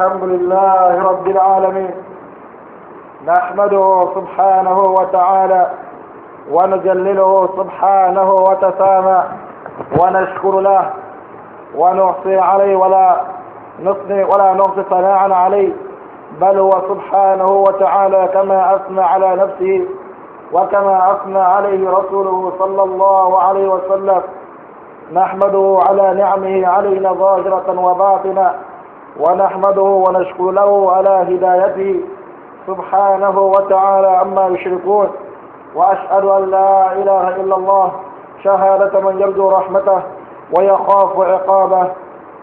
الحمد لله رب العالمين نحمده سبحانه وتعالى ونجلله سبحانه وتسامى ونشكر له ونحصي عليه ولا نصني ولا نحصي ثناء عليه بل هو سبحانه وتعالى كما أثنى على نفسه وكما أثنى عليه رسوله صلى الله عليه وسلم نحمده على نعمه علينا ظاهرة وباطنة ونحمده ونشكو له على هدايته سبحانه وتعالى عما يشركون وأشهد أن لا إله إلا الله شهادة من يرجو رحمته ويخاف عقابه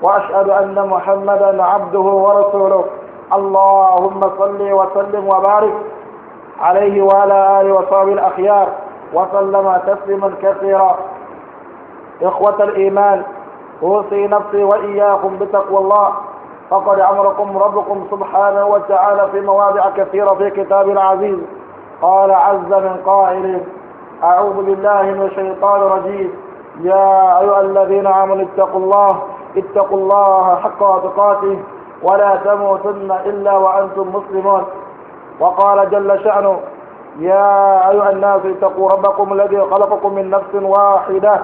وأشهد أن محمدا عبده ورسوله اللهم صل وسلم وبارك عليه وعلى آله وصحبه الأخيار وسلم تسليما كثيرا إخوة الإيمان أوصي نفسي وإياكم بتقوى الله فقد أمركم ربكم سبحانه وتعالى في مواضع كثيرة في كتاب العزيز قال عز من قائل أعوذ بالله من الشيطان الرجيم يا أيها الذين آمنوا اتقوا الله اتقوا الله حق تقاته ولا تموتن إلا وأنتم مسلمون وقال جل شأنه يا أيها الناس اتقوا ربكم الذي خلقكم من نفس واحدة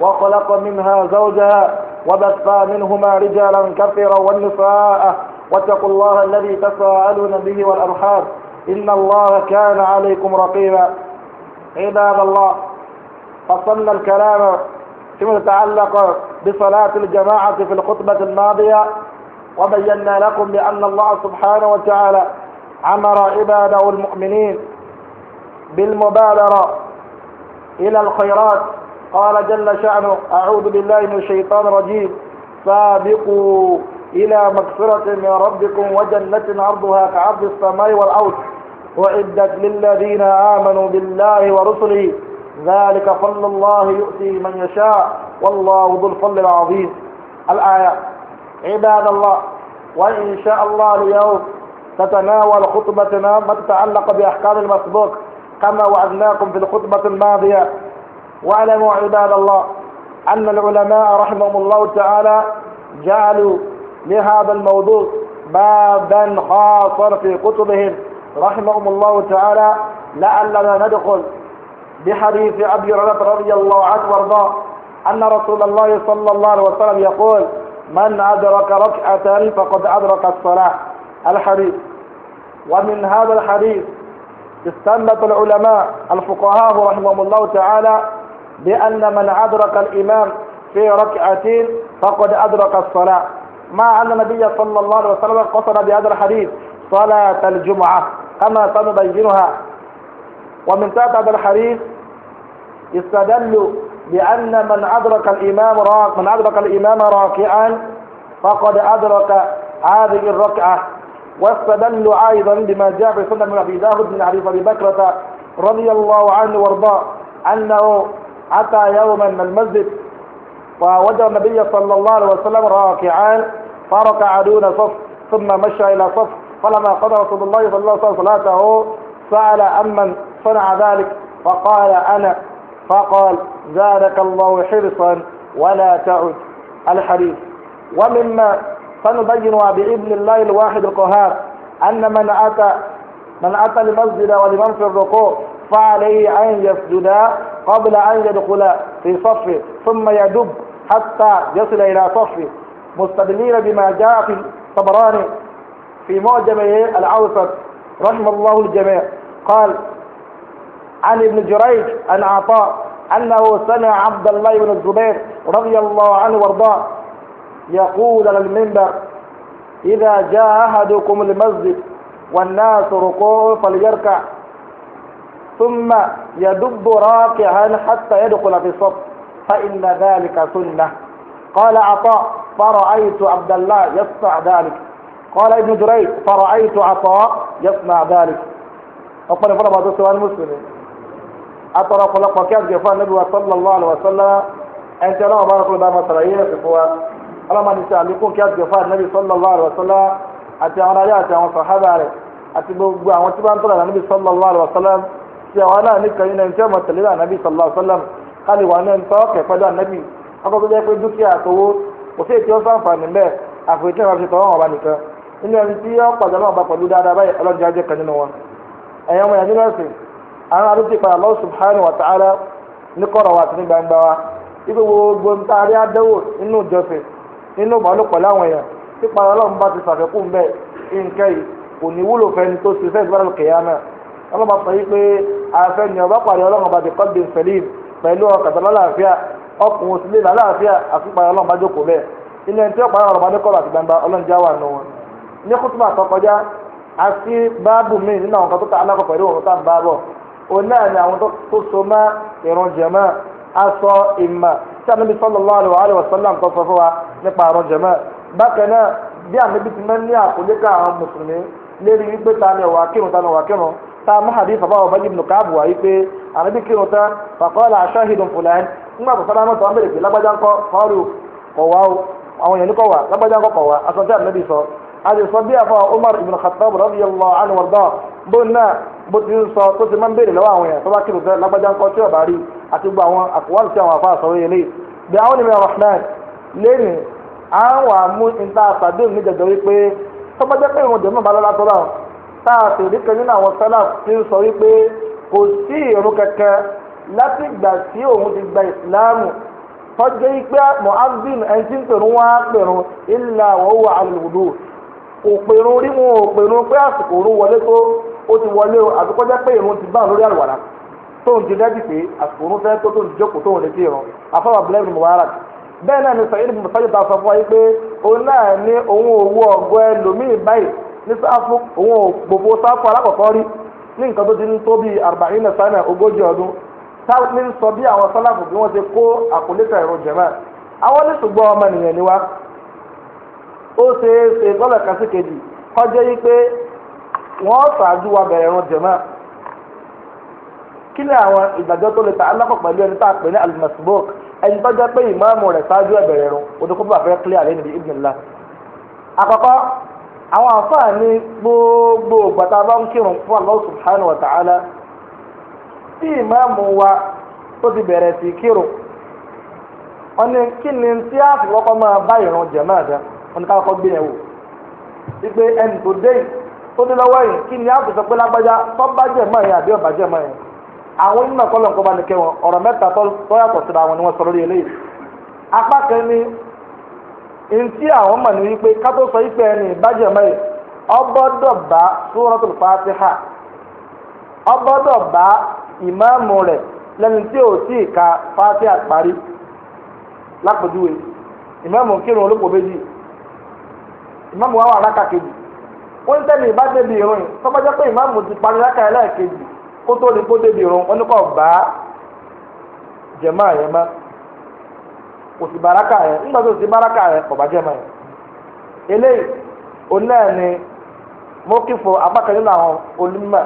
وخلق منها زوجها وبث منهما رجالا كثيرا والنساء واتقوا الله الذي تساءلون به والأرحام إن الله كان عليكم رقيبا عباد الله فصلنا الكلام فيما يتعلق بصلاة الجماعة في الخطبة الماضية وبينا لكم بأن الله سبحانه وتعالى أمر عباده المؤمنين بالمبادرة إلى الخيرات قال جل شأنه أعوذ بالله من الشيطان الرجيم سابقوا إلى مغفرة من ربكم وجنة عرضها كعرض السماء والأرض أعدت للذين آمنوا بالله ورسله ذلك فضل الله يؤتي من يشاء والله ذو الفضل العظيم الآية عباد الله وإن شاء الله اليوم تتناول خطبتنا ما تتعلق بأحكام المسبوق كما وعدناكم في الخطبة الماضية واعلموا عباد الله أن العلماء رحمهم الله تعالى جعلوا لهذا الموضوع بابا خاصا في كتبهم رحمهم الله تعالى لعلنا ندخل بحديث أبي هريرة رضي الله عنه وارضاه أن رسول الله صلى الله عليه وسلم يقول من أدرك ركعة فقد أدرك الصلاة الحديث ومن هذا الحديث استنبط العلماء الفقهاء رحمهم الله تعالى بأن من أدرك الإمام في ركعتين فقد أدرك الصلاة مع أن النبي صلى الله عليه وسلم قصر بهذا الحديث صلاة الجمعة كما سنبينها ومن تحت هذا الحديث استدلوا بأن من أدرك الإمام راك من أدرك الإمام راكعا فقد أدرك هذه الركعة واستدلوا أيضا بما جاء في سنة من أبي داود بن حديث أبي بكرة رضي الله عنه وارضاه أنه حتى يوما من المسجد فوجد النبي صلى الله عليه وسلم راكعان فركع دون صف ثم مشى إلى صف فلما قضى رسول الله صلى الله عليه وسلم صلاته سأل أمن صنع ذلك فقال أنا فقال زادك الله حرصا ولا تعد الحديث ومما سنبينها بإذن الله الواحد القهار أن من أتى من أتى المسجد والإمام في الركوع فعليه أن يسجدا قبل أن يدخل في صفه ثم يدب حتى يصل إلى صفه مستدلين بما جاء في الطبراني في معجمه الأوسط رحم الله الجميع قال عن ابن جريج عن عطاء أنه سمع عبد الله بن الزبير رضي الله عنه وارضاه يقول على المنبر إذا جاء أحدكم المسجد والناس ركوع فليركع ثم يدب راكعا حتى يدخل في الصف فإن ذلك سنة قال عطاء فرأيت عبد الله يصنع ذلك قال ابن جريج فرأيت عطاء يصنع ذلك أقول فرما هذا سؤال مسلم أترى خلق وكان جفاء النبي صلى الله عليه وسلم أنت لا بارك الله ما ترأيه في ألا ما نسأل لكم كان جفاء النبي صلى الله عليه وسلم أتى أنا يا أتى أنا صحابة عليه أتى بقى وأنت بقى أنت النبي صلى الله عليه وسلم tí àwọn náà nìkan yìí náà ń tẹ́wọ̀n tẹ̀lé ànábì sọ̀lá ọ̀sọ́lám káàlì wà náà ń tọ́ ọ̀kẹ́ pẹ̀lú ànábì akọ́kọ́ jẹ́ pé dúkìá àtọwó kò sí ètò ọ̀sán àǹfààní bẹ́ẹ̀ àfẹ́tẹ́ ìwà fìtọ́ ọ̀hún ọba nìkan nínú ẹni tí ó pàdé náà bá pẹ̀lú dáadáa báyìí ọlọ́dún ajé kan nínú wọn. ẹ̀yin ọmọ ìyàtí Allah subhanahu ta'ala ní kọ̀rọ̀ wa àti ní gbangba wa ibi gbogbo ń taari adéwò nínú ìjọsìn nínú ìbálò pẹ̀lú àwọn èèyàn tí pàdé ọlọ́run bá ti sàfẹ́kù ń bẹ́ẹ̀ ọlọ́ba sọ yìí pé àfẹnì ọba pàdé ọlọ́run ọba ti kọ́ndé sẹ́lìm pẹ̀lú ọkàtà lálàáfíà ọkùnrin òsì lè lálàáfíà àfipá ọlọ́run bá jókòó bẹ́ẹ̀ ilé ẹni tí ọ̀pá ọlọ́run bá ní kọ́lọ̀ àti gbangba ọlọ́run já wà nù wọn. ní kútùmọ̀ àtọkọjá àti báàbù mi nínú àwọn kan tó ta alákọ̀ pẹ̀lú òun tá à ń bá bọ̀ òun náà ni àwọn tó so mọ́ ìrun jẹ̀mọ́ aṣọ ìmọ̀ tí ànábi sallallahu alaihi wa sallam tó sọ fún wa nípa ìrun jẹ̀mọ́ bákan náà bí ànábi ti mẹ́ ní àkójẹ́ àwọn mùsùlùmí lérí wípé ta ni ọ̀wà kírun ta ni ọ̀wà kírun ta mú hadith bàbá ọba ibn Ka'b wà wípé ànábì kírun tán faqala shahidun fulan ńgbà tó sálámà tó wọn bèrè pé lágbájá ńkọ́ kọlù kọwà o àwọn èèyàn ní kọwà lágbájá ńkọ́ kọwà asọ̀tẹ́ ànábì sọ àti sọ bí àfọ Umar ibn Khattab radiyallahu anhu wàrdọ bó náà bó ti ń sọ tó ti máa ń bèrè lọ́wọ́ àwọn èèyàn tó bá kírun tán lágbájá ńkọ́ tí ọba rí àti gbogbo àwọn àkùwá ti àwọn àfáà sọ̀rọ̀ yẹlẹ bí àwọn ènìyàn rahman lẹ́nu àwọn àmú ìta àtàdé òní jẹjẹrẹ pé tọ́gbọ́jẹ́ pé ìwọ̀n jẹ́ mọ̀ tá a sì rí kan nínú àwọn sálàf tí ń sọ wípé kò sí ìrun kankan láti òun ti gba ìsìláàmù tọ́jú pé muhammed ẹni tí ń pèrún wá pèrún illa wa huwa ala kò pèrún rí ò pèrún pé àsìkò ti wọlé o àtúkọ́jẹ́ pé ìrun ti bá lórí ti dájú pé àsìkò òun fẹ́ tó tóun ti jókòó tóun retí ìrun afọwọ́ abúlé bẹ́ẹ̀ náà ni sọ sọ fún wa pé òun náà ní ní sáfù òun ò gbogbo sáfù alákọ̀ọ́kọ́ rí ní nǹkan tó ti ń tó bíi àrùbáyìn náà sáyẹn ogójì ọdún ní sọ bí àwọn sálàfù bí wọ́n ti kó àkólétà ìrun jẹ̀mọ́ àwọn ní ṣùgbọ́n ọmọ nìyẹn ni wá ó ṣe é ṣe lọ́lẹ̀ kan sí kejì kọjá yí pé wọ́n ṣáájú wa bẹ̀rẹ̀ ìrun jẹ̀mọ́ kí ni àwọn ìgbàjọ́ tó lè ta alákọ̀ pẹ̀lú ẹni tá a pè ní alimasibok ẹni tó jẹ́ pé ìmáàmù rẹ̀ ṣáájú ẹ̀bẹ̀rẹ̀ ìrun odò kó fẹ́ kílíà lẹ́nu bí ibùdó àkọ́kọ́ àwọn àǹfààní gbogbo gbàtà bá ń kírun fún Allah subhanahu wa ta'ala tí ìmáàmù wa tó ti bẹ̀rẹ̀ sí kírun wọn ni kí ni tí a fi kọ́kọ́ máa bá ìrun jàmáà dá wọn ni ká kọ́kọ́ wípé ẹni tó dé yìí tó dé lọ́wọ́ yìí kí ni a fi sọ pé lágbájá tó bá yẹn àbí ntí àwọn mọ̀ ní wípé kátó sọ ìpè ẹni ìbàjẹ́ mẹ́yì ọgbọ́dọ̀ bá Suratul Fatiha ọgbọ́dọ̀ bá ìmáàmù rẹ̀ lẹ́ni tí ò tí ka Fatiha lápòjúwe ìmáàmù kírun olóko méjì ìmáàmù wa wà kejì ó ń tẹ́lẹ̀ ìbá débi irun yìí pé ìmáàmù ti parí ẹlẹ́ẹ̀kejì ní irun wọn kò sì baraka yẹ nígbà tó sì baraka yẹ kò mọ́ yẹ eléyìí ni mo kí fún abákan nínú àwọn onímọ̀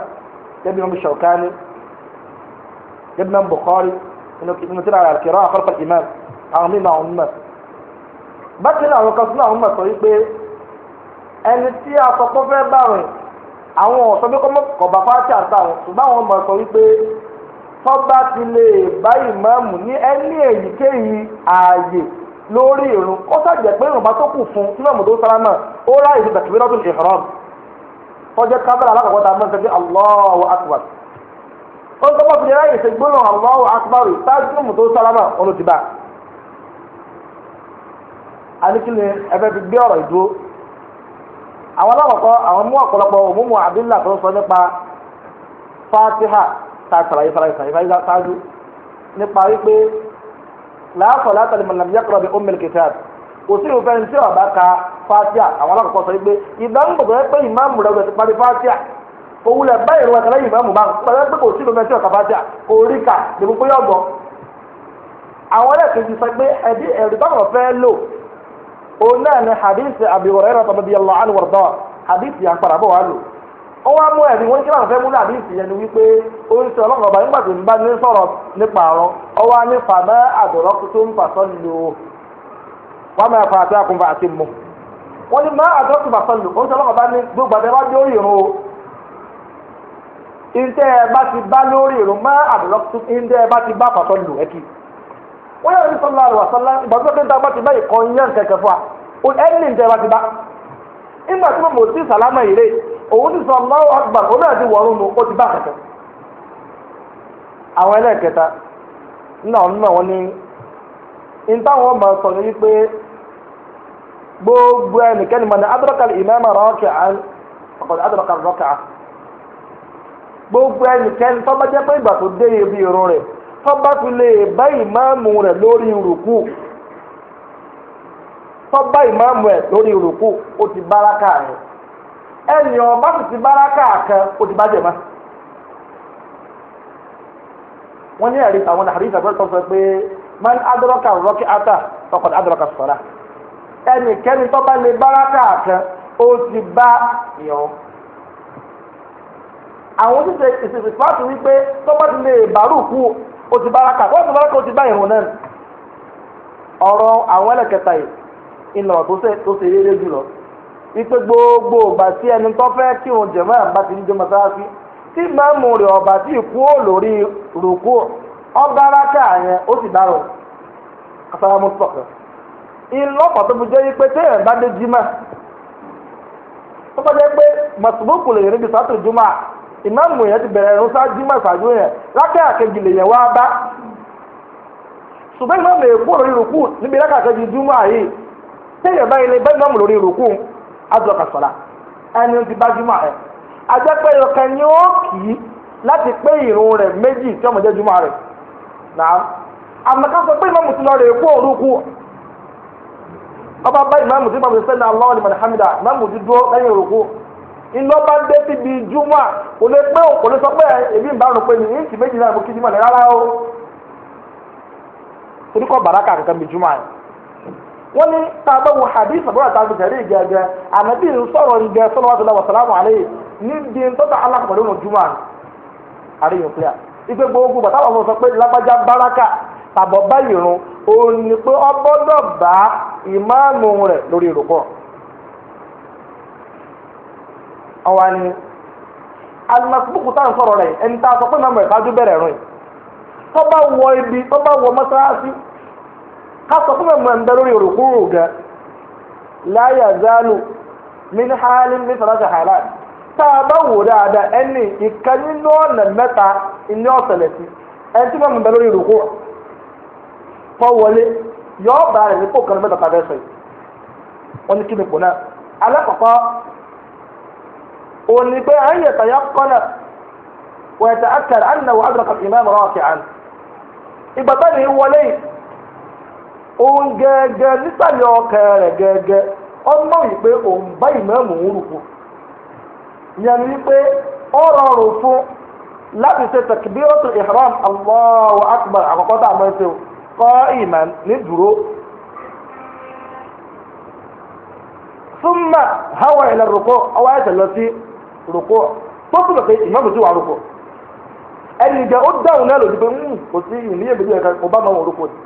yẹbi wọn bí Shawkani yẹbi wọn Bukhari nínú tí náà kẹrọ àkọlùkọ ìmọ̀ àwọn bákan náà tọ́ba ti lè bá ìmáàmù ní ẹni èyíkéyìí ààyè lórí irun ó sàjẹ́ pé ìrùnbá tó kù fún nínú àmọ̀dó sálámà ó ráyè ti tàkìbí lọ́dún ìhrọ́m tọ́jẹ́ kábàlà alákọ̀ọ́kọ́ tá a mọ̀ sẹ́gbẹ́ Allahu akbar ó ń tọ́pọ̀ fi ráyè ṣe gbóná Allahu akbar tájú àmọ̀dó sálámà ọ̀nà ti bá a ní kí ni ẹ fẹ́ fi gbé ọ̀rọ̀ ìdúró àwọn alákọ̀ọ́kọ́ àwọn mú ọ̀pọ̀lọpọ̀ òmùmù àbílà tó sọ nípa Fatiha tá a sàlàyé sàlàyé sàlàyé ṣáájú nípa wípé làákọ̀ látàlí mọ̀lẹ́mí yẹ́kọ̀rọ̀ bí ọmọ ìkẹtẹ́ kò sí ìrúfẹ́ ní tí ọ̀bá ka fatia àwọn alákọ̀ọ́kọ́ sọ wípé ìdánwò pé ìmáàmù rẹ̀ ọ̀gbẹ̀ ti parí fatia òwúlẹ̀ báyìí ìrún ẹ̀kẹ́lẹ́yìn ìmáàmù bá pẹ̀lú pé kò sí ìrúfẹ́ tí ọ̀ka fatia kò rí kà dèbò pé yọ̀gbọ́. àwọn ẹlẹ́kẹ̀ẹ́ ti sọ pé ẹ̀dí ẹ̀rí wọ́n wá mú ẹ̀rí wọ́n ní kí wọ́n fẹ́ múlò àbí ìsìyẹn ni wípé ó ń sọ ọlọ́run ọba nígbà tó ń bá ní sọ̀rọ̀ nípa ọ̀rọ̀ ọwọ́ nípa mẹ́ àdọ̀rọ̀ tó ń fà sọ́lù wọ́n máa fa àti àkùnfà àti mú. wọ́n ní mẹ́ àdọ̀rọ̀ tó fà sọ́lù ó ń sọ ọlọ́run ọba ní gbogbo àti ẹ̀wájú ó yìrún o. ìǹtẹ́ ẹ bá ti bá lórí ìrún mẹ́ àdọ̀rọ̀ tó ìǹtẹ́ òun ti sọ Allahu Akbar òun náà ti wọ̀ọ́rùn mu ó ti bá kẹ̀kẹ́ àwọn ẹlẹ́ẹ̀kẹta náà náà wọ́n ní ìtàwọn sọ ní gbogbo ẹnikẹ́ni mọ̀ ní adraka al-imama raki'an faqad adraka ar gbogbo ẹnikẹ́ni tó jẹ́ pé ìgbà tó dé ibi irun rẹ̀ tó fi lè bá ìmáàmù rẹ̀ lórí rùkú tó bá rẹ̀ lórí ó ti rẹ̀ ẹnì ọba sì ti bára káàkan ó ti bàjẹ́ ma. wọ́n ní wọn àwọn àríṣà tó sọ pé man adọ́rọ́kà rọ́kì ata ọkọ̀ adọ́rọ́kà sọ̀rọ̀ ẹnikẹ́ni tó bá lè bára káàkan ó bá yàn. àwọn oníṣe ìṣèṣì fáàtì wípé tó bá ti lè bàrú kú ó bára káàkan ó ti bára káàkan na ọrọ bá ìrùn náà ọ̀rọ̀ àwọn ẹlẹ́kẹta yìí tó ṣe wípé gbogbo ìgbà tí ẹni tó fẹ́ kírun jẹ̀mọ́ ti ń jẹ mọ́sáàsì tí màmú rẹ̀ ọ̀bà tí kú ó lórí rògbò ọ̀gárákà yẹn ó sì dárò kásáramú sọ̀kẹ́. ìlọ́pàá tó fi jẹ́ wípé téèyàn bá dé jimá tó bá jẹ́ pé mọ̀sùlùkù lè rí bí sátò jumá ìmáàmù yẹn ti bẹ̀rẹ̀ jimá yẹn lákẹ́ àkejì lè yẹn wá bá ṣùgbọ́n ìmáàmù lórí rògbò níbi yìí azọka ẹni ni ó kì í láti pé ìrun rẹ̀ méjì tí ọmọdé rẹ̀ náà sọ pé ti lọ rè kú ọba bá ìmọ̀mù ti pàmò sẹ́ni aláwọ̀ mọ̀lẹ́hámídà ti dúró lẹ́yìn òrukù iná bá dé síbi júmọ kò lè pé lè sọ pé èmi ń bá rò pé ní ìsì méjì náà mo kí júmọ rẹ̀ rárá o torí kọ́ kankan rẹ̀. wọ́n ní tábà wo hadith àbúrò àtàkùn tẹ̀lé gẹ́gẹ́ ànábì ń sọ̀rọ̀ ń gẹ́ sọ́nà wàtúlá wàsálàmù àlẹ́ níbi tọ́ta alákùnrin ọ̀nà jùmọ̀ àríyàn gbogbo bàtà wà sọ pé lágbájá báràkà tàbọ̀ báyìí run òun ni pé ọ gbọ́dọ̀ bá rẹ̀ lórí ni alimọ̀sibúkú tá à ń sọ̀rọ̀ rẹ̀ ẹni tá a sọ pé màmú ẹ̀ kájú kásọ̀ fún mẹ́mọ́ ń bẹ lórí òrùkúrò gan láyà zálù min hali min sàlásì hàlá tá a bá wò dáadáa ẹni ìkan nínú ọ̀nà mẹ́ta ní ọ̀sẹ̀lẹ̀ sí ẹni tí mẹ́mọ́ ń bẹ lórí òrùkúrò kọ́ wọlé yọ bá rẹ̀ nípò kan mẹ́ta tàbí ẹsẹ̀ wọn ni kí ni kò náà alákọ̀ọ́kọ́ òní pé ẹ̀yẹ tàyà kọ́nà wẹ̀tà akẹ́rẹ́ ànínà wà á dọ̀kọ̀ ìmáàmù rọ̀ kì òun gẹ́gẹ́ nísàlẹ̀ ọkàn rẹ̀ gẹ́gẹ́ ọmọ yìí pé òun bá ìmọ̀ọ́mù ń rùkù yẹn ni pé ó rọrùn fún láti ṣe takbiratul ihram Allahu akbar àkọ́kọ́ tá a ṣe kọ́ ìmọ̀ ní dúró. súnmà hawa ìlà rùkù ọwọ́ ẹ̀sẹ̀ lọ sí rùkù tó túnbọ̀ pé ìmọ̀ọ́mù ti wà ó dáhùn náà lòdì pé hmm, kò sí ẹ̀ka ni.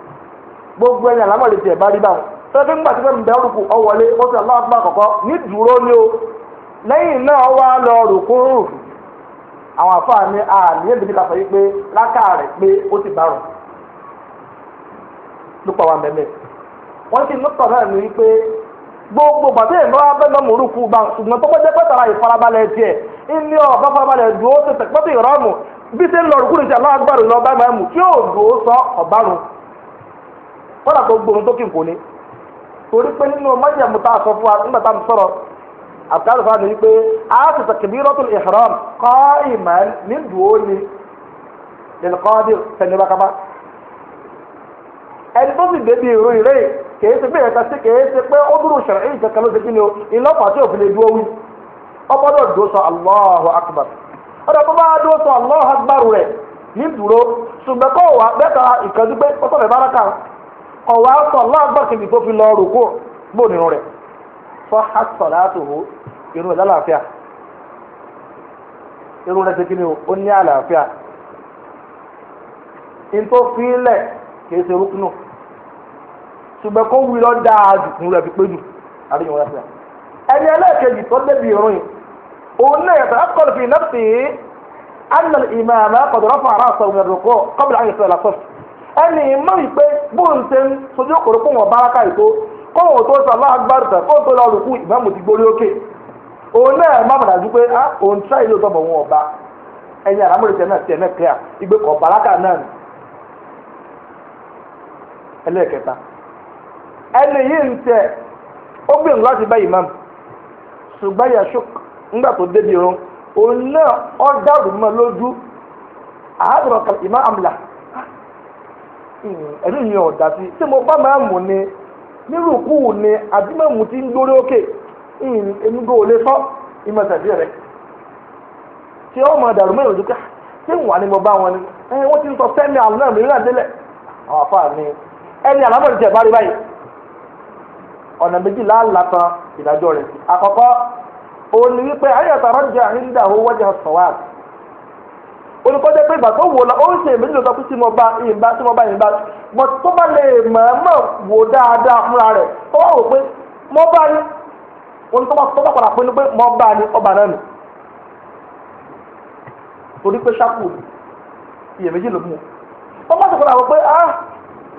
gbogbo ẹni lámọ̀ lè tiẹ̀ bá rí báwọn tẹ́lẹ̀ nígbà tí fẹ́mi bẹ́ẹ̀ rúkú ọwọlé ó ti aláwọ̀ àgbà kọ̀kọ́ ní dúró o lẹ́yìn náà wá lọ rùkú rùkú àwọn àfáà ní àní èdè nípa sọ wípé láká rẹ̀ pé ó ti bá rùn wa mẹ́mẹ́ wọ́n ti náà ní wípé gbogbo bàtí mú bá ṣùgbọ́n tó pẹ́tàrà ìfarabalẹ̀ tiẹ̀ ọ̀bá farabalẹ̀ dùn ó ti tẹ̀ pẹ́tì bí ṣe kọ́dà gbogbo ohun tó kì í kò ní torí pé nínú májèmú tá a sọ fún wa nígbà tá a sọ̀rọ̀ àbúkárò fún wa nìyí pé a ti takbiratul ihram kọ́ ìmọ̀ ní dùó ni lẹ́nìkọ́dé sẹ́niba kaba ẹni tó sì débi ìró ìré kèé ṣe pé ẹ̀ka sí kèé ṣe pé ó dúró ṣẹ̀rẹ̀ èyí kankan ló ṣe kí ni o ìlọ́pàá tí òfin lè dúó wí ọgbọ́dọ̀ dúró sọ Allahu akbar ọ̀dọ̀ tó bá dúró sọ Allahu akbar rẹ̀ ní dúró ṣùgbọ́n kọ́ wà bẹ́ẹ̀ ka ìkànnì pé ó sọ̀rọ̀ ọ̀wá sọ tó fi lọ rògbò nínú rẹ̀ fọ́ irun rẹ̀ lálàáfíà irun rẹ̀ tẹ́kí ni ó ní àlàáfíà kìí ṣe rúkúnù ṣùgbọ́n kó wí lọ dáa jù rẹ̀ fi pé jù ẹni ẹlẹ́ẹ̀kejì tó débi irun yìí òun náà yàtọ̀ akọ̀lù fi ẹnì mọ́ ìpè ipe ṣe ń sojú òkòrò fún wọn báraka ètò kóun tó sọ tó lọ ti gbórí òkè òun náà má bàtà ju pé á ah, òun tíra ọba ẹ̀yin àlámọ̀rẹ̀ tẹ̀ náà tẹ̀ náà kíá igbe kọ̀ báraka náà ni ẹlẹ́ẹ̀kẹta ẹnì yìí ń tẹ̀ ó gbìyànjú láti bá ìmáàmù ṣùgbọ́n yasuk ńgbà tó débi òun náà ọ̀ dàrú mọ́ lójú àádọ́rọ̀ ẹ̀rí yẹn ọ̀dà sí tí mo bá máa mú ni nírùkú ni àdìmọ̀mù ti ń lórí òkè hmm, gbọ́ sọ ìmọ̀ tàbí rẹ̀ tí ó máa dàrú mẹ́rin òdúkà tí ń wà ní mo bá wọn ni ẹ eh, wọ́n ti ń sọ sẹ́mi àlọ́ náà mi ẹni bá rí báyìí ọ̀nà méjì láàlá tan ìdájọ́ rẹ̀ sí àkọ́kọ́ òun ni wípé ayé olùkọ́jọ́ pé ìgbà tó wò lọ ó ń ṣe èmi lọ́dọ̀ pé tí mo bá ìyìnbá tí mo bá ìyìnbá mọ tó bá lè mọ̀ọ́mọ̀ wò dáadáa fúnra rẹ̀ tó wà wò pé mo bá ní wọn tó bá tó bá padà pinnu pé mo bá ní ọba náà nù torí pé ṣáàpù iyèméjì ló mú un bá tó padà wò pé ah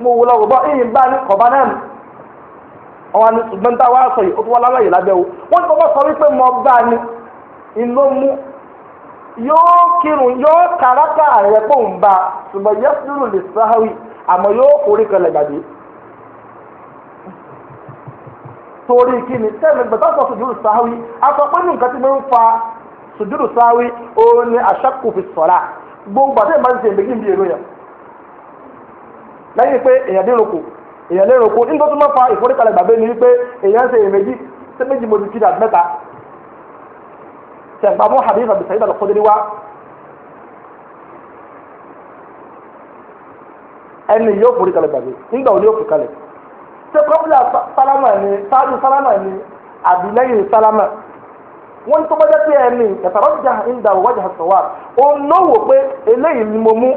mo wò lọ wò bọ́ ìyìnbá ní kọ̀ọ̀bá náà nù ọ̀hún ni ṣùgbọ́n táwa sọ yìí ó tún wá lálẹ́ lábẹ́ wo wọ́n tó bá sọ wípé mo bá ní ìlú mú yóò kírun yóò kàràkà rẹ̀ pọ̀ ń ba ṣùgbọ́n yẹ́sùrù lè sáháwì àmọ́ yóò forí kalẹ̀ gbàdé. torí kíni sẹ́mi gbẹ̀tà sọ sùjúrù sáháwì àtọ́pẹ́ ní nǹkan tí mo ń fa sùjúrù sáháwì o ni àṣàkù sọ̀rà gbogbo àti ìbáṣe ṣe ìgbégi ń bí èrò yẹn. lẹ́yìn pé èèyàn dé roko èèyàn roko nígbà tó máa fa ìforí ni wípé èèyàn ṣe sẹ̀ǹpà mú hadith àbí sẹ̀yìn àlùkòdìrí wá. ẹni yóò forí kalẹ̀ gbàgbé nígbà wo ni yóò forí kalẹ̀ ṣé kọ́bílà sálámà ni sáájú sálámà ni àbí lẹ́yìn sálámà wọ́n tó bá jẹ́ pé ẹni ìtàrọ́jà ìdá wájà sọ̀wà ó náwó pé eléyìí ni mo mú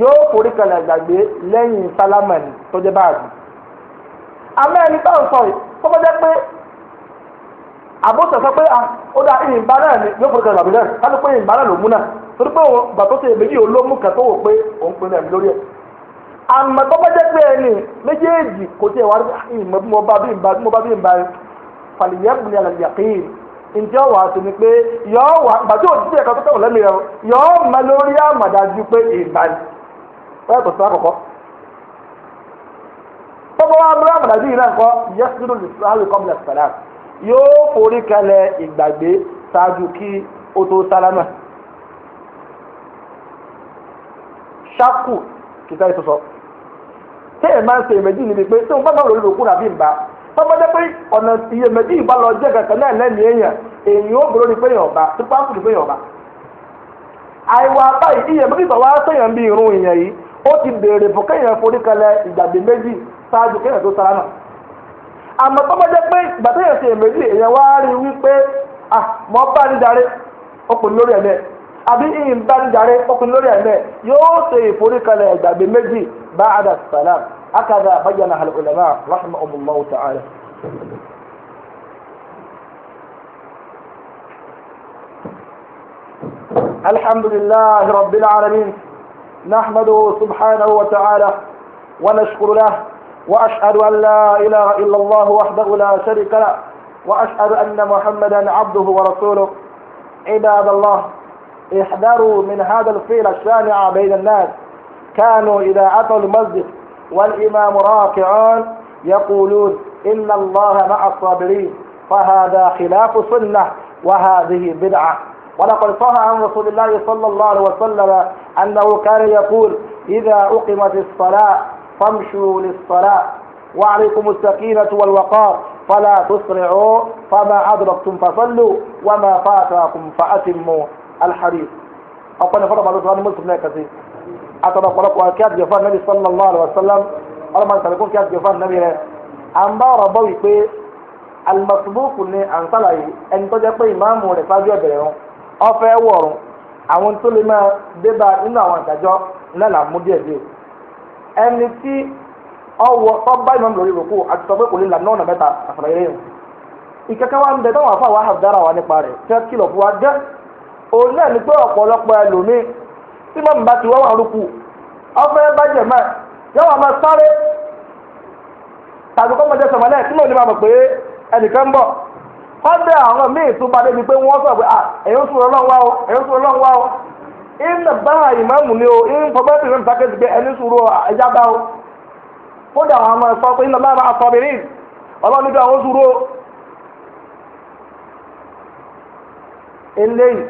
yóò forí kalẹ̀ gbàgbé lẹ́yìn sálámà ni tó jẹ́ báàgì àmọ́ ẹni táwọn sọ̀rọ̀ tó bá pé àbóṣe sọ pé ah, ó dá ìyìnbá náà ni yóò fọ́nká ìgbàgbé náà ká ló pé náà ló mú náà torí pé òun bàtó ṣe èmi yìí olómù kan wò pé òun pinnu ẹ̀mí lórí ẹ̀. àmọ́ tó bá jẹ́ pé ẹni méjèèjì kò tiẹ̀ wá ah, ìmọ̀ bí mo bá bí bí mo bá bí fàlìyẹ́ bùnú pé yọ̀ọ́ ẹ̀ka tó lẹ́nu yọ̀ọ́ lórí àmàdájú pé ni wọ́n yàtọ̀ sí tọ́gbọ́n wa àmàdájú yìí náà kọ́ yóò forí kalẹ̀ ìgbàgbé ṣáájú kí ó tó sálámà ṣákù kìtà ìsọsọ téèyàn máa ń ṣe èmẹjì níbi pé tí wọn bá bá lórí bí tọ́gbọ́n jẹ́ pé ọ̀nà ìyèméjì ìbá lọ jẹ́ kankan náà lẹ́nu èèyàn èyí ó tí ọba. àìwà bí irun yìí ó ti fún forí àmọ́ tó bá jẹ́ pé ìgbà tó yẹ ṣe èméjì èèyàn wá rí wípé à ah, mọ́ bá ní darí ọkùnrin lórí ẹ̀mẹ́ àbí ìyìn bá ní darí ọkùnrin lórí ẹ̀mẹ́ yóò ṣe ìforíkalẹ̀ ìgbàgbé méjì bá àdà sàlám akadà àbájáná al-ulama rahimahumullahu ta'ala. الحمد لله رب العالمين نحمده سبحانه وتعالى ونشكر له وأشهد أن لا إله إلا الله وحده لا شريك له وأشهد أن محمدا عبده ورسوله عباد الله احذروا من هذا الفيل الشانع بين الناس كانوا إذا أتوا المسجد والإمام راكعان يقولون إن الله مع الصابرين فهذا خلاف سنة وهذه بدعة ولقد صح عن رسول الله صلى الله عليه وسلم أنه كان يقول إذا أقمت الصلاة فامشوا للصلاة وعليكم السكينة والوقار فلا تسرعوا فما أدركتم فصلوا وما فاتكم فأتموا الحديث أقول فرق بعض الإخوان المسلم كثير أتبقى لك وكاد جفان النبي صلى الله عليه وسلم قال من سبقون كاد جفان النبي أن بار بوي المسبوق ni أن ń sàlàyé ẹni tó jẹ́ pé ìmáàmù rẹ̀ ṣáájú ẹ̀bẹ̀rẹ̀ wọn ọ̀fẹ́ wọ̀rùn àwọn tó ẹni tí ọba tọ́ba ìmọ̀ lórí rògbò àti sọ pé kò lè là náà mẹ́ta àfàlàyé rẹ̀ ìkẹ́kẹ́ wa ń bẹ táwọn afáwọn wa nípa rẹ tẹ́ fún wa òun náà pé ọ̀pọ̀lọpọ̀ tí wọ́n wà rúkú bá máa sáré tàbí kọ́ jẹ sọ̀mọ́lẹ̀ tí mò ní máa mọ̀ pé ẹnìkan ń bọ̀ àwọn míì débi ba bá ìmáàmù ni o ń fọwọ́ ta ke sákẹ́sì pé ẹni sùúrù ẹja ba o kódà àwọn ọmọ ẹ̀fọ́ pé ńlá máa sọ bìrì ọlọ́run níbi àwọn sùúrù o. eléyìí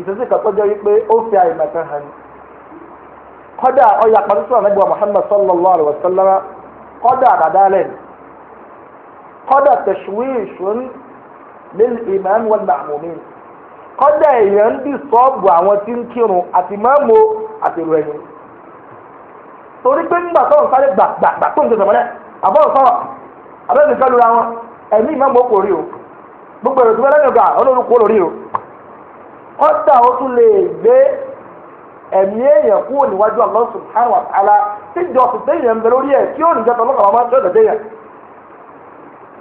ìṣesí kan tọ́jọ́ yìí pé ó fi koda o ya kódà ọyà pàṣípàṣẹ ànágbà Muhammad sallallahu alaihi wa sallam kódà àdàdálẹ̀ kódà tashwish lil imam wal ma'mumin. kọ́dà èèyàn ń dì sọ́ọ̀bù àwọn tí ń kírun àti mọ́mọ́ àti ìlú ẹ̀yìn torí pé ńgbà tó ń sáré gbàgbàgbà tó ń tẹ̀sán mọ́lẹ̀ àbọ̀ sọ̀rọ̀ àbẹ́sì fẹ́ lura wọn ẹ̀mí kò rí o gbogbo èrò tó fẹ́ lẹ́nu lórí o tún lè gbé ẹ̀mí èèyàn kúrò níwájú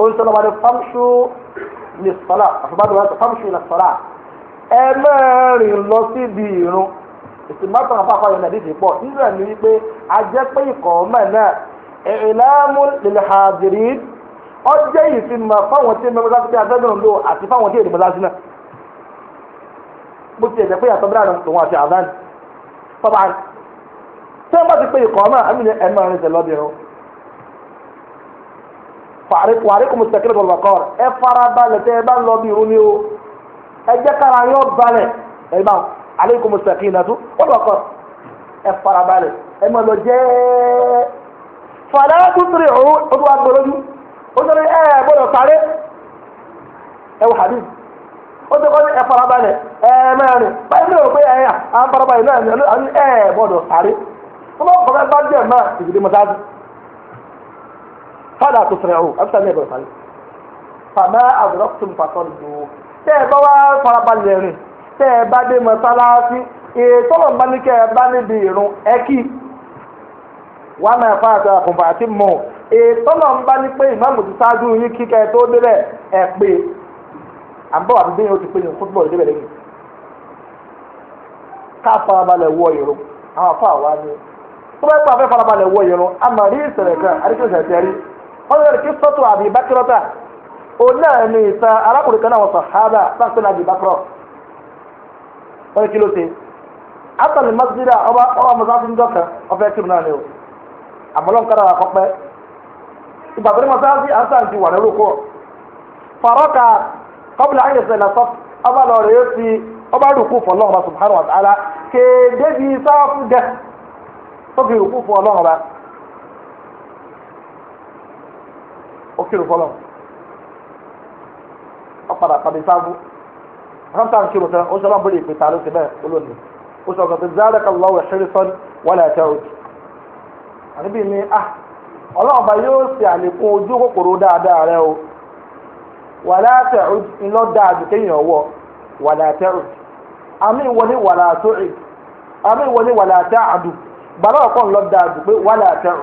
ó ń sọ lọ́wọ́ ní fámṣú ní sọ́lá àfọ̀bádùn wọn fámṣú ní sọ́lá ẹ mẹ́rin lọ síbi ìrun ìsìnbátàn àfàkọ́ yẹn nàdí ìdìpọ̀ nígbà mi wípé a jẹ́ pé ikọ̀ ọmọ náà ìlàmú lèlhàdìrí ọjẹ́ ìfimọ̀ fáwọn tí mẹ́rin lásìkò àtẹ́gùn lò àti fáwọn tí èdèmọ̀ lásìkò náà bó ti ẹ̀jẹ̀ pé yàtọ̀ bí láàrin tòun àti àdán tọ́ba tí wọ́n bá ti pé ikọ̀ ọmọ àmì ẹ̀mọ́ rẹ̀ wàríkù ẹ fara tẹ ẹ bá lọ bí irun ni o ẹ kára yọ ẹ bá ẹ fara balẹ̀ ẹ mọ̀ lọ jẹ́ fàdà kùtùrì ọ̀hún ó tó wà gbọ́dọ̀ ju ó tó ní ẹ gbọ́dọ̀ sáré ẹ wò tó ní ẹ fara balẹ̀ ẹ mẹ́rin báyìí ní fada tó fẹrẹ o ẹfisa ní ẹgbẹrún fani fàmà àdúrọ̀tún fàtọ́dù tẹ́ ẹ bá wá farabalẹ̀ rìn tẹ́ ẹ bá dé mọ́sálásí ìtọ́lọ̀ bá ní kẹ́ ẹ bá níbi ìrún ẹ kí wàá máa fa àti àkùnfà àti mọ̀ ìtọ́lọ̀ ń bá ní pé ìmáàmù ti ṣáájú yín kí kẹ́ ẹ tó débẹ̀ ẹ pé àbọ̀ àbí bẹ́ẹ̀ o ti pé yín fún bọ́ọ̀lù débẹ̀ lẹ́yìn ká farabalẹ̀ wọ ìrún àwọn afọ àwa ni tó bá yẹ kó a fẹ́ farabalẹ̀ wọ ìrún a máa rí ìṣẹ̀lẹ̀ kan àdéhùn ìṣẹ̀lẹ̀ wọ́n yọrọ kí sọ́tù àbí bákírọ́tà òun náà ní ìsan arákùnrin kan náà wọ́n sọ hábà sáńpẹ́ náà àbí bákírọ́ wọ́n yẹ kí ló ṣe atali masjida ọba ọba mọsáfin dọkẹ ọfẹ kí mu náà ni o àmọlọ́n kára wà kọ́pẹ́ ìgbàgbọ́n mọsáfin ansan ti wà ní rúkọ́ farọ́kà kọ́bùlà ayẹsẹ̀ náà sọ́f ọba lọ́ọ̀rọ̀ yóò fi ọba rúkú fún subhanahu wa ta'ala kéde bíi sáfù gẹ tó rúkú fún ó kéré fọlọ́ ọ padà pàdé sáfù hamsa ń kéré sẹ́yìn ó sábà bọ́lẹ̀ ìpè tààrí sí bẹ́ẹ̀ olóòní ó sọ pé zaadaka Allahu hirsan wala ta'ud àníbí ni ah ọlọ́ọ̀ba yóò ṣe àlékún ojú kòkòrò dáadáa rẹ o wala ta'ud iná dáa ju kéèyàn wọ wala ta'ud àmì ìwọlé wala àmì ìwọlé wala lọ wala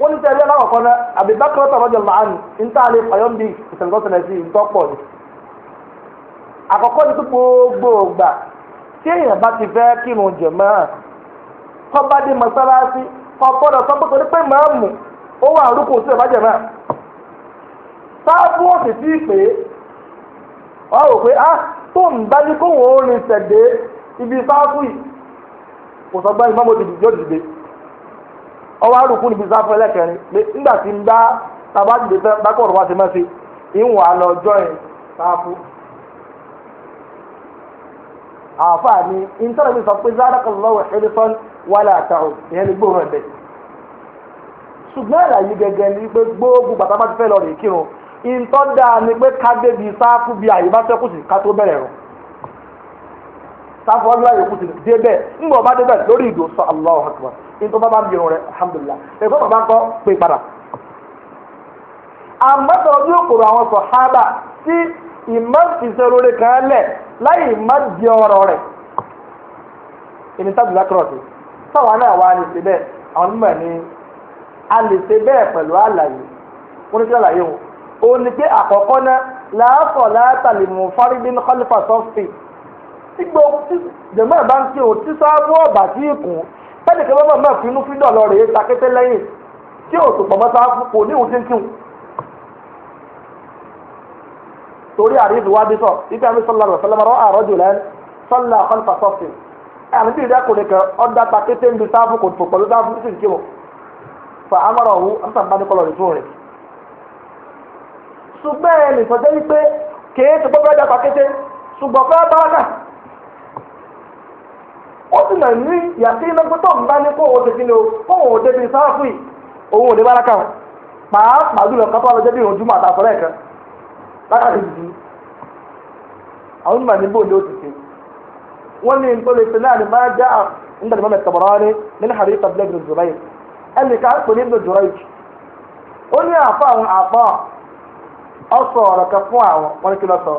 wọ́n ní tẹ̀lé aláwọ̀kọ́ náà àbíbákẹ́ ọ̀tọ̀ lọ́jọ́ màánù níta lè pàyọ́ ń sí ni. àkọ́kọ́ ni gbogbo ògbà tí èèyàn bá ti fẹ́ kírun jẹ̀mọ́ à kọ́ bá dé mọ́sálásí kọ́ gbọ́dọ̀ sọ pé ó wà rúkú sí sáàbù òsì tí pé ọ rò pé ah tó ń rin sẹ̀dé ibi sáàbù yìí kò ọwọ́ àrùkù níbi sáfún ẹlẹ́kẹrin pé nígbà tí ń bá tàbá dìde tán bákọ̀ ọ̀rọ̀ wá sí mẹ́sì ìwọ̀n àlọ́ jọ́ìn sáfún. àáfàá ni ìntọ́nà mi sọ pé zádàkàlọ́wọ̀ ẹ̀rẹ́sán wàlẹ̀ àtàwọn ìyẹn ni gbóòórùn ẹ̀bẹ̀. ṣùgbọ́n àlàyé gẹ́gẹ́ ni pé gbogbo bàtà bá ti fẹ́ lọ rè kírun ìntọ́ dáa ni pé ká sáfún bíi àyè bá tẹ́kù sí ká tó bẹ̀rẹ̀ rùn sáfọ́ ńlá yòókù ti débẹ̀ ńgbọ̀ bá débẹ̀ lórí ìdò sọ Allahu akbar nítorí bá bá ń yẹun rẹ̀ alhamdulilah ẹ̀fọ́ bàbá ń kọ́ pé padà. àmọ́ sọ̀rọ̀ bí òkòrò àwọn sàhábà tí ìmọ̀ ìṣerore kan lẹ̀ láì má di ọ̀rọ̀ rẹ̀ èmi tábìlì lákìrọ̀tì sáwọn náà wà ní ṣe bẹ́ẹ̀ àwọn mímọ̀ ni a lè ṣe bẹ́ẹ̀ pẹ̀lú àlàyé wọ́n ní àlàyé wọn. òun pé àkọ́kọ́ náà láàfọ̀ látàlímù fárídín kọ́lífà sọ́fì tí gbogbo jẹ̀mọ́ ẹ̀ bá ń kí o tí sáábù ọ̀bà tí ìkùn tẹ́lẹ̀ kí wọ́n mọ̀ fínú fídọ̀ lọ rèé ta kété lẹ́yìn tí o tó pọ̀ mọ́ sáábù kò ní ìhùn kínkín. torí àríyìn wá dé sọ ibi àmì sọlá rẹ sọlá rọ àrọjò lẹ sọlá kọlfà sọfì àmì bí ìdákùnrin kan ọ̀dà ta kété ń bi sáábù kò tó pọ̀lú sáábù sí ìkí wọn fa amọ̀rọ̀ ọ̀hún amsàmbánikọ́lọ̀ rẹ̀ tún rẹ̀ ṣùgbọ́n ẹ̀ bá wákà Otu na nà ní yàtí iná pé tó ń bá ní kóhùn o kóhùn òde bíi sáfù yìí òun ò ní bára kàn pàápàá jùlọ kan tó wà bí ìrùn júmọ̀ àtàkùn lẹ́ẹ̀kan lára rẹ̀ jù àwọn onímọ̀ níbo ni ó ti ṣe wọ́n ní nítorí pé náà ni máa já nígbà tí wọ́n mẹ́ta bọ̀rọ̀ ní nínú àrí jùlọ yìí ẹnì ká pè ní jùlọ yìí ó ní àwọn kan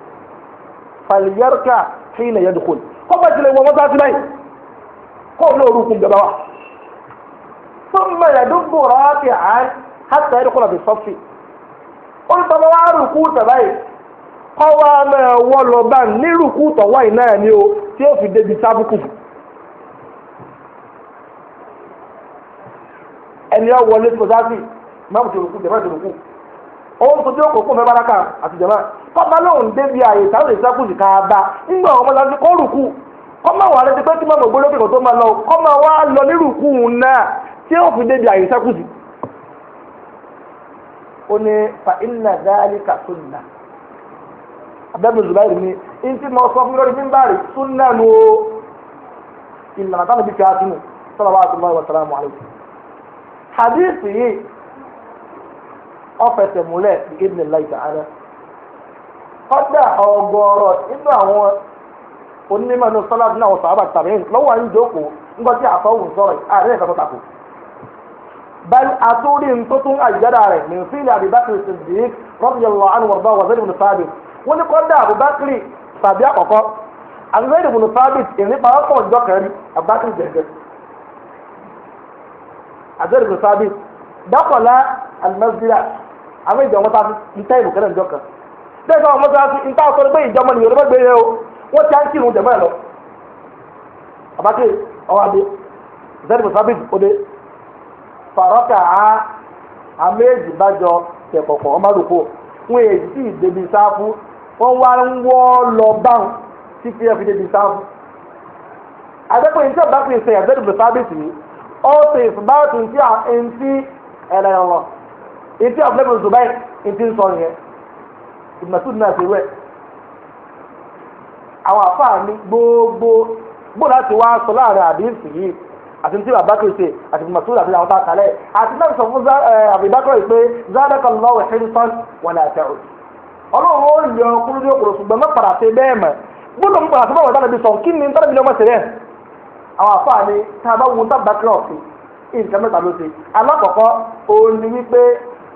fàlìyàrká hìnà yẹ́dùkún kó bá tilẹ̀ wọ́n mọ́tà sílẹ̀ kó ní orúkún jọba wa. sọ́mọ yàdúgbò rọ́ọ̀tì àn hàtà yẹ́dùkún àti sọ́fì. ó ní bàbá wa rúkú tàbá yìí kọ́ wa máa wọ́ lọ bá ní ni o tí fi débi sábùkù. ẹni ọ wọlé sọ́sáfì máa ń tòrùkú jẹ́ òun sojú òkò fún mẹ́bàrà kan àti jẹ̀mọ́ kọ́ba lóun débi ààyè táwọn èsì sákùsì ká bá ńgbà ọmọ láti kọ́ rùkú kọ́mọ wà lẹ́sẹ̀ pé kí mọ́mọ́ tó máa lọ kọ́mọ lọ ní rùkú náà tí ó fi débi ààyè ó ní fa iná dáálí ka sunna ni n sọ fún a ọ̀fẹsẹ̀ múlẹ̀ bí láìka àná. àwọn náà tàbí lọ́wọ́ jókòó tí sọ̀rọ̀ àárẹ̀ àtúndì tó tún rẹ̀ ní fílẹ̀ àbíbákiri wọ́n ní kọ́dà tàbí àkọ́kọ́ ọjọ́ kẹrin àwọn ìjọ wọn ta fi ìta ìlú kẹlẹ̀ ìjọ kan bẹ́ẹ̀ sọ wọn ta fi nìyẹn ló bá gbé yẹ o ti á ń kírun lọ. àbáké adé mùsàbí òde á bá jọ ọmọ àdókò wọn èyí sì débi sáfù wọn wá ń wọ́ lọ báwọn títí ẹ fi débi sáfù. ètí àfúlẹ́bù Dubai ètí ń sọ yẹn ìmọ̀tún náà ṣe wẹ̀ àwọn àfáà ní gbogbo bó láti wá sọ láàrin àdínsì yìí àti tí Abubakar ṣe àti Mas'ud àti àwọn takalẹ̀ àti náà sọ fún Abubakar pé zadakallahu hirsan wọn àti ọ̀rọ̀ ọlọ́run ó yọ kúrú ní òkúrò ṣùgbọ́n mẹ́pàdà ṣe bẹ́ẹ̀ mọ̀ gbọ́dọ̀ mú padà tó bá wà dábìlì sọ̀n kí ni dábìlì ọmọ ṣẹlẹ̀ àwọn àfáà ni tá a bá wo tábàkì ọ̀sìn nǹkan mẹ́ta ló ṣe alákọ̀ọ́kọ́ òun ni wípé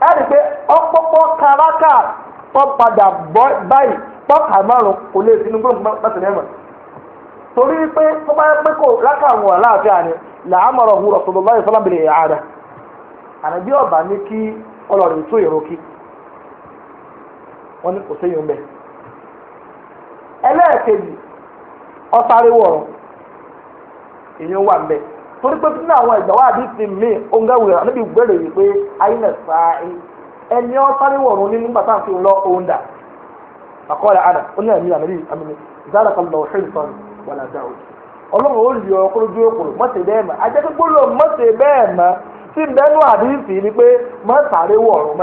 ẹ rí i pé ọ̀pọ̀pọ̀ karaka tó padà bọ́ báyìí pọ́kà márùn kò lè sínú gbọ́dọ̀ mẹ́sàn-án ẹ̀mọ̀ torí pé tó bá pé kò rákà wọn àláàfíà ni làámọ̀rọ̀ ní kí ọlọ́rin tó torí pé nínú àwọn ìgbà wa àbí ti mí ongáwìrà níbi ìgbẹ́rẹ̀ yìí pé àyínà sááyé ẹni wọ̀run fi dà àkọọ́lẹ̀ àdà ó ní àmì àmì àmì ìdára kan lọ ṣe nǹkan wà ládà ó ọlọ́run ó lè ọkọ lójú òkòrò mọ́tẹ́ bẹ́ẹ̀ mọ́ ajẹ́ pé gbọ́dọ̀ mọ́tẹ́ bẹ́ẹ̀ mọ́ tí àdìsí ni pé wọ̀run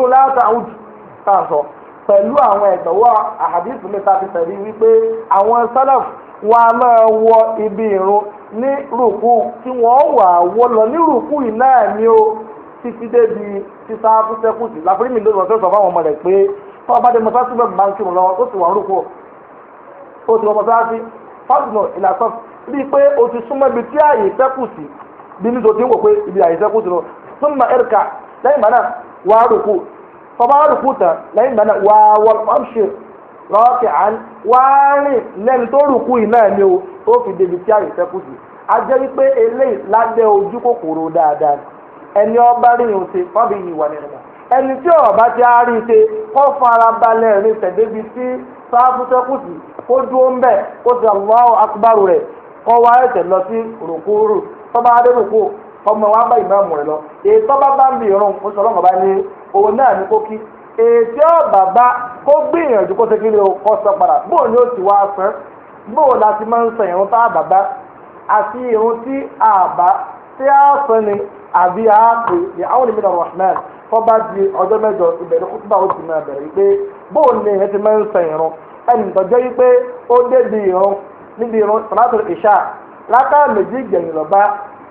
mọ́ pẹ̀lú àwọn ẹ̀gbọ́wọ́ àhàdìsù mi tàbí tẹ̀lé wípé àwọn sálàf wọn a máa wọ ibi ìrun ní rùkú tí wọ́n wà wọ́ lọ ní rùkú yìí náà ni ó títí débi títà fúnṣẹ́kùtì láfírí mi lórí ọ̀sẹ̀ sọ fáwọn ọmọ rẹ̀ pé tọ́ bá dé mọ́sáàsì bẹ́ẹ̀ bá ń kírun lọ́wọ́ ó sì wà rúkú ó ti wọ́n mọ́sáàsì fásitì ìlàsọ́ rí i pé o ti súnmọ́ ibi tí ààyè sẹ́kù sí bí nítorí tí ń wò pé ibi ààyè sẹ́kù sí lọ súnmọ́ ẹ̀ríkà lẹ́yìn mọ́nà wà rúkú tọba rúkú tán lẹ́yìn ìgbà náà wà wọ́n ọ̀ṣẹ̀ lọ́ọ̀kì à ń wá rìn lẹ́nu tó rúkú yìí náà ni o tó fi débi tí àyè fẹ́ kù sí a jẹ́ wípé eléyìí lábẹ́ ojú kòkòrò dáadáa ẹni ọba rí irun ṣe wọ́n fi yìí wà nínú ẹni tí ọba ti á rí ṣe kó fara balẹ̀ rìn tẹ̀débi tí sáfù fẹ́ kù sí kó dúró ń bẹ̀ kó sì Allahu akbar rẹ̀ kó wá ẹ̀tẹ̀ lọ sí rùkúrù tọ́ba adé rùkú ọmọ wa bá ìmáàmù rẹ̀ lọ èyí tọ́ba bá ń bì òun náà ní kó kí èsì ọ̀bàbá kó gbìyànjú kó ṣe kí ni o kọ́ sọ padà bóun ni ó ti wá sàn bóun la ti máa ń sàn ìrún tá àbàbá àti ìrún tí àbá tí a sàn ni àbí a pè ní àwọn ìmìnira rahman fọba di ọjọ́ mẹ́jọ ìbẹ̀rẹ̀ kó túbà ó ti máa bẹ̀rẹ̀ pé bóun ni ìyẹn ti máa ń sàn ìrún ẹnì tọ́jọ́ yìí pé ó dé di ìrún níbi ìrún sàlátù ìṣà látà méjì gbẹ̀yìn lọ́ba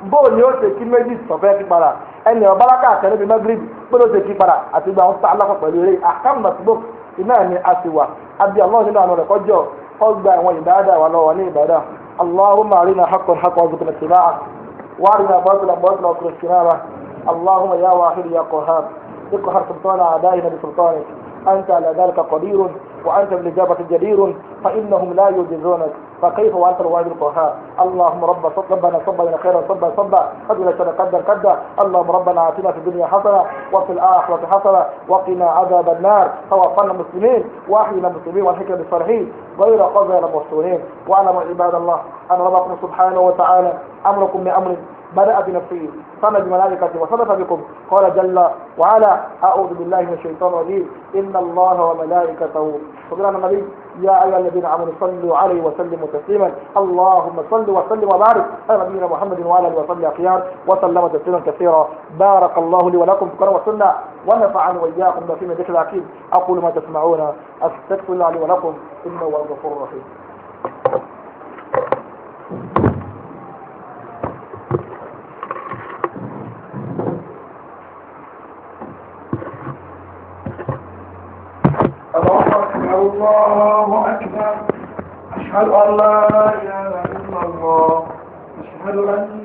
bóò ni ó ṣe kí méjì sọ̀fẹ́ kí padà ẹnì ọ̀bálákà àtẹ̀lé bíi mẹ́gírìbì pé ló ṣe kí padà àti gba ọ̀sán alákọ̀ pẹ̀lú eré àkàmùmọ̀síbò iná ni a sì wà àbí ọlọ́run nínú àná rẹ̀ kọjọ́ ọgbà ẹ̀wọ̀n ìbáradà wà lọ́wọ́ ní ìbáradà allahumma arina haqqan haqqan ọ̀gbìn ìtìláà wà arina bọ́tìlà bọ́tìlà ọ̀gbìn ìtìláà allahumma ya wahid ya qahhar اقهر سلطان اعدائنا بسلطانك انت على ذلك قدير وانت بالاجابه جدير فإنهم لا يجزونك فكيف وأنت الواجب القهار اللهم رب ربنا صب لنا خيرا صب صب قدنا شر قدر كدا اللهم ربنا آتنا في الدنيا حسنة وفي الآخرة حسنة وقنا عذاب النار توفنا مسلمين وأحينا مسلمين والحكمة بالصالحين غير قضايا المفتونين واعلموا عباد الله أن ربكم سبحانه وتعالى أمركم بأمر بدأ بنفسه صلى بملائكته وصدف بكم قال جل وعلا أعوذ بالله من الشيطان الرجيم إن الله وملائكته صدرنا النبي يا أيها الذين آمنوا صلوا عليه وسلموا تسليما اللهم صل وسلم وبارك على نبينا محمد وعلى آله وصحبه أخيار وسلم تسليما كثيرا بارك الله لي ولكم في القرآن والسنة ونفعني وإياكم بما ذكر العكيم أقول ما تسمعون أستغفر الله لي ولكم إنه هو الغفور الرحيم الله أكبر أشهد أن لا إله إلا الله أشهد أن